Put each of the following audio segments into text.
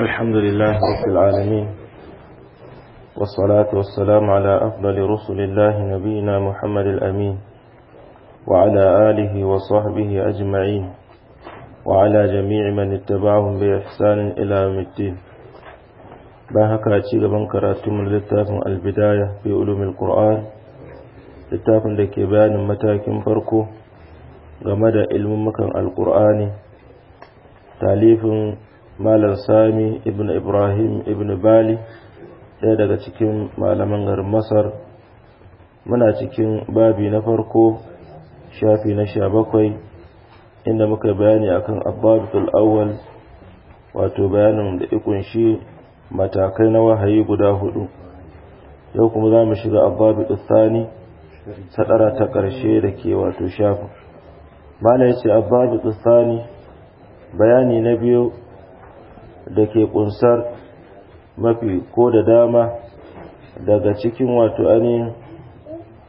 الحمد لله رب العالمين والصلاة والسلام على أفضل رسل الله نبينا محمد الأمين وعلى آله وصحبه أجمعين وعلى جميع من اتبعهم بإحسان إلى يوم الدين باهك أتشيغ من كراتم للتافن البداية في علوم القرآن littafin da ke bayanin matakin farko game da ilmummukan alkur'ani talifin malam sami ibn ibrahim ibn bali ɗaya daga cikin malaman garin masar muna cikin babi na farko shafi na sha bakwai inda muka bayani akan abbatul awwal wato bayanin da ikunshi matakai na wahayi guda hudu yau kuma za mu shiga abbatul thani sadara ta ƙarshe da ke wato shafin mala ya ce abbatul thani bayani na biyu da ke kunsar mafi ko da dama daga cikin wato ainihin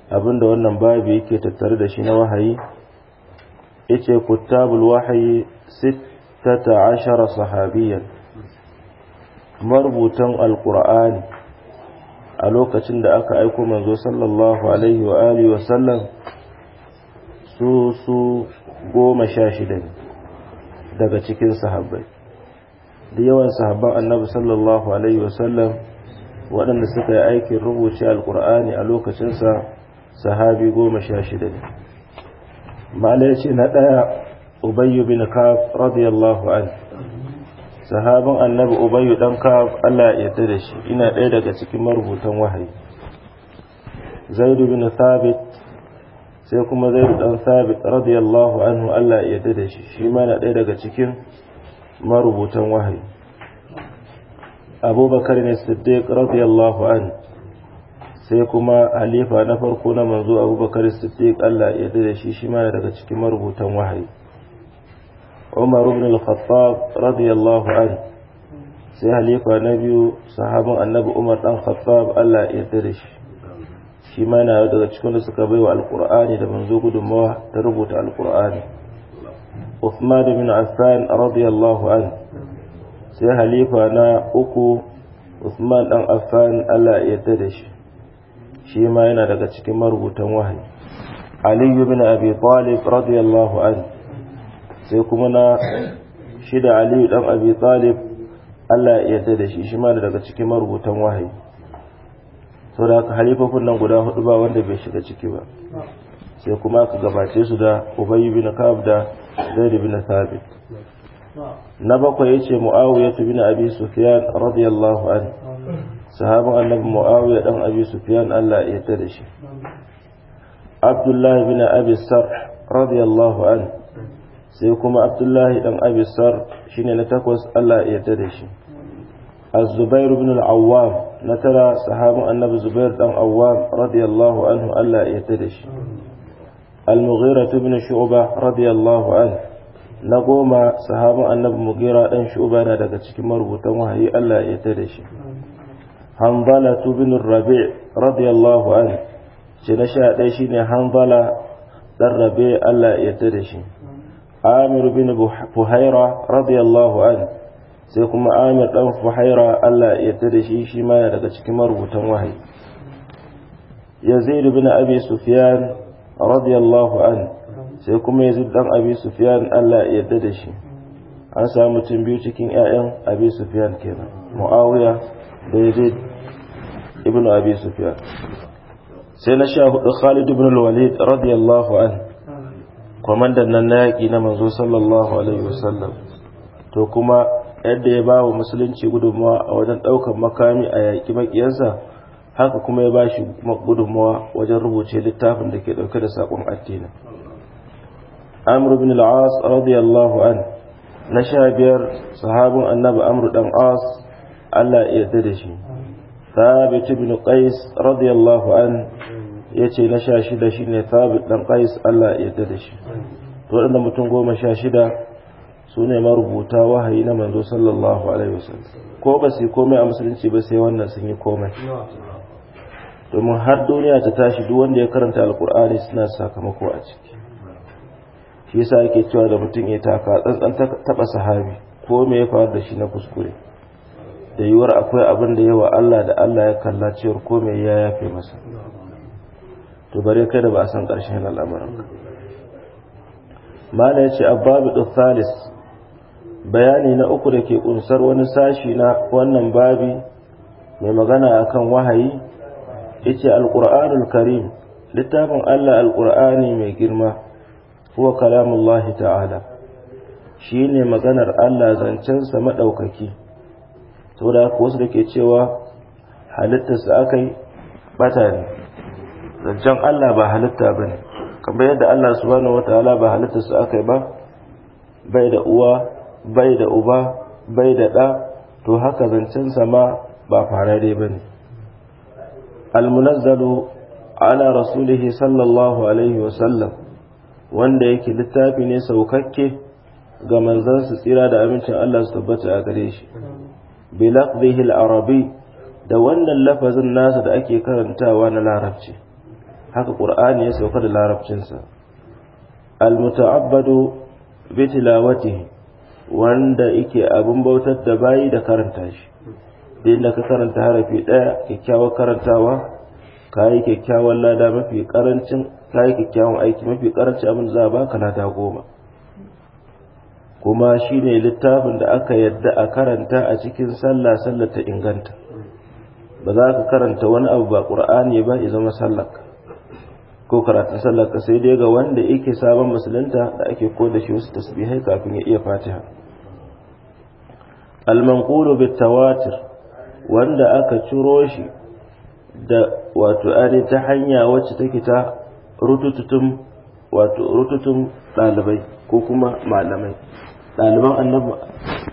abinda wannan babu yake tattare da shi na wahayi ice kuttabul wahayi sittata ashara sahabiyan marubutan alkur'ani a lokacin da aka aiko manzo sallallahu alaihi wa alihi wa sallam su su goma sha shida daga cikin sahabbai da yawan sahabban annabi sallallahu alaihi wasallam waɗanda suka yi aikin rubuce alkur'ani a lokacinsa sahabi goma sha shida ne ma'ala ya ce na ɗaya ubayyu bin kaf radiyallahu an sahabin annabi ubayyu ɗan kaf allah ya yarda da shi ina ɗaya daga cikin marubutan wahayi zaidu bin thabit sai kuma zaidu ɗan thabit radiyallahu anhu allah ya yarda da shi shi ma na ɗaya daga cikin marubutan wahayi abubakar ne siddiq radiyallahu an sai kuma halifa na farko na manzo abubakar siddiq allah ya da shi shi ma daga cikin marubutan wahayi umar ibn al-khattab radiyallahu an sai halifa na biyu sahabin annabi umar dan khattab allah ya da shi shi ma na daga cikin da suka baiwa alqur'ani da manzo gudunmawa ta rubuta alqur'ani Uthman bin Affan radiyallahu an sai halifa na uku Uthman dan Affan Allah ya tada da shi shi ma yana daga cikin marubutan wahayi Ali bin Abi Talib radiyallahu an sai kuma na shida Ali dan Abi Talib Allah ya tada da shi shi ma daga cikin marubutan wahayi saboda haka halifofin nan guda hudu ba wanda bai shiga ciki ba sai kuma aka gabace su da Ubay bin kab da zaid bin thabit na bakwai yace muawiya bin abi sufyan radiyallahu anhu sahaban annabi muawiya dan abi sufyan Allah ya yarda da shi abdullah bin abi sarh radiyallahu anhu sai kuma abdullahi dan abi shine na takwas Allah ya yarda da shi الزبير بن العوام نترى صحاب النبي زبير بن العوام رضي الله عنه ألا يتدش المغيرة بن شعبة رضي الله عنه نقوم صحابة النبي مغيرة أن شعبة ندك تشكمر وتوهي ألا يترش حنظلة بن الربيع رضي الله عنه شنشا ديشين حنظلة الربيع ألا يترش عامر بن بحيرة رضي الله عنه sai kuma amir dan fuhaira Allah ya yarda da shi shi ma daga cikin marubutan wahayi yazid ibn abi sufyan radiyallahu an sai kuma yazid dan abi sufyan Allah ya yarda da shi an samu mutum biyu cikin ƴaƴan abi sufyan kenan muawiya da yazid ibnu abi sufyan sai na sha hudu khalid ibn al-walid radiyallahu an kwamandan nan na yaƙi na manzo sallallahu alaihi wasallam to kuma yadda ya ba wa musulunci gudunmawa a wajen ɗaukar makami a yaki makiyansa haka kuma ya bashi gudunmawa wajen rubuce littafin da ke dauke da sakon addini amr ibn al-as radiyallahu an na sha biyar sahabin annabi amr dan as Allah ya yarda da shi thabit ibn qais radiyallahu an yace na sha shida shine thabit dan qais Allah ya yarda da shi to wannan mutum goma sha shida su ne marubuta wahayi na manzo sallallahu alaihi wasallam ko ba sai komai a musulunci ba sai wannan sun yi komai domin har duniya ta tashi duk wanda ya karanta alkur'ani suna sakamako a ciki shi yasa yake cewa da mutum ya taka tsantsan taba sahabi ko me ya faru da shi na kuskure da yiwuwar akwai abin da yawa Allah da Allah ya kalla cewar ko me ya yafe masa to bare kai da ba a san ƙarshen al'amarin ka mala ya ce Babu thalis bayani na uku da ke kunsar wani sashi na wannan babi mai magana akan wahayi yace alqur'anul karim littafin Allah alqur'ani mai girma huwa kalamullahi ta'ala shine maganar Allah zancensa madaukaki saboda haka wasu dake cewa halittarsa akai bata ne zancen Allah ba halitta bane kamar yadda Allah subhanahu wataala ba halittarsa akai ba bai da uwa bai da uba bai da ɗa to haka zancensa ma ba farare ba ne almunazzalu ala rasulihi sallallahu alaihi wasallam wanda yake littafi ne saukakke ga manzansa tsira da amincin Allah su tabbata a gare shi bilak al-arabi da wannan lafazin nasa da ake karantawa na larabci haka qur'ani ya sauka da larabcinsa al-muta'abbadu bi tilawatihi wanda yake abin bautar da bayi da karanta shi duk inda ka karanta harafi ɗaya kyakkyawar karantawa ka yi kyakkyawan lada mafi karancin ka yi kyakkyawan aiki mafi karancin abin za a baka lada goma kuma shi ne littafin da aka yadda a karanta a cikin sallah sallar ta inganta ba za ka karanta wani abu ba ƙur'ani ba ya zama sallar ko karatun sallaka sai dai ga wanda yake sabon musulunta da ake koda shi wasu tasbihai kafin ya iya fatiha al-manqulu bit-tawatir wanda aka ciro shi da wato ari ta hanya wacce take ta rutututun wato rututun ɗalibai ko kuma malamai ɗaliban annabi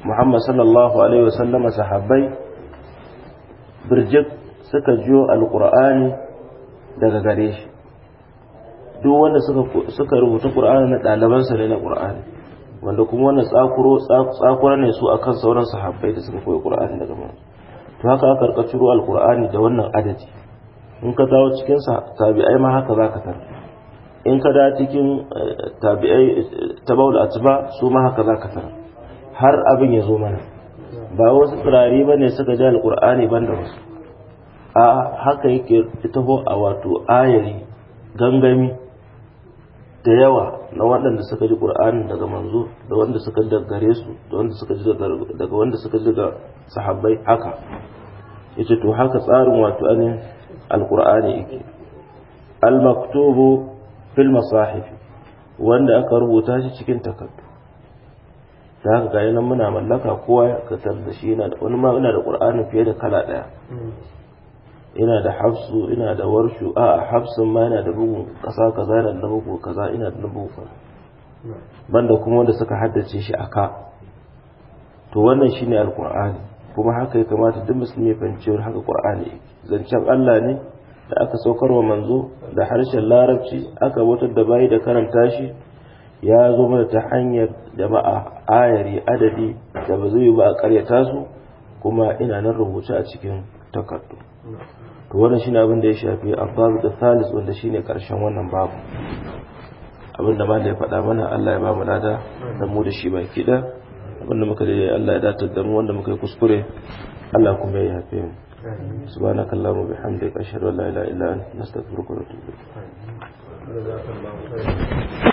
muhammad sallallahu alaihi wasallama sahabbai birjik suka jiyo al'kur'ani daga gare shi duk wanda suka rubuta ƙur'ani na ɗalibansa ne na ƙur'ani wanda kuma wannan tsakuro tsakura ne su akan sauran sahabbai da suka koyi ƙur'ani daga mu to haka aka rika ciro alkur'ani da wannan adadi in ka dawo cikin sa tabi'ai ma haka zaka tar in ka da cikin eh, tabi'ai eh, tabawul atba su ma haka zaka tar har abin ya zo mana ba wasu turari bane suka ji alkur'ani banda wasu a haka yake taho a wato ayari gangami da yawa na waɗanda suka ji ƙur'ani daga manzo da wanda suka daggare su da wanda suka ji daga wanda suka ji daga sahabbai haka yace to haka tsarin wato anin alƙur'ani yake al fil masahif wanda aka rubuta shi cikin takardu da haka ga nan muna mallaka kowa ka tar da shi yana da wani ma ina da ƙur'ani fiye da kala ɗaya hmm. ina da hafsu ina da warshu a hafsun ma yana da bugun kasa kaza ina da bugun kaza ina da bugun banda kuma wanda suka haddace shi a ka to wannan shine alqur'ani kuma haka ya kamata duk musulmi ya fahimci haka qur'ani zancen Allah ne da aka saukar wa manzo da harshen larabci aka wutar da bayi da karanta shi ya zo mana ta hanyar jama'a ayari adadi da ba zai ba a karyata su kuma ina nan rubuce a cikin takardu to wannan shine abin da ya shafi abbab da salis wanda shine karshen wannan babu abin da malai faɗa mana Allah ya ba mu lada da mu da shi ba kida abin da muka dai Allah ya datar da mu wanda muka yi kuskure Allah kuma ya yafe mu سبحانك bihamdika ashhadu an la ilaha illa anta astaghfiruka wa atubu ilaik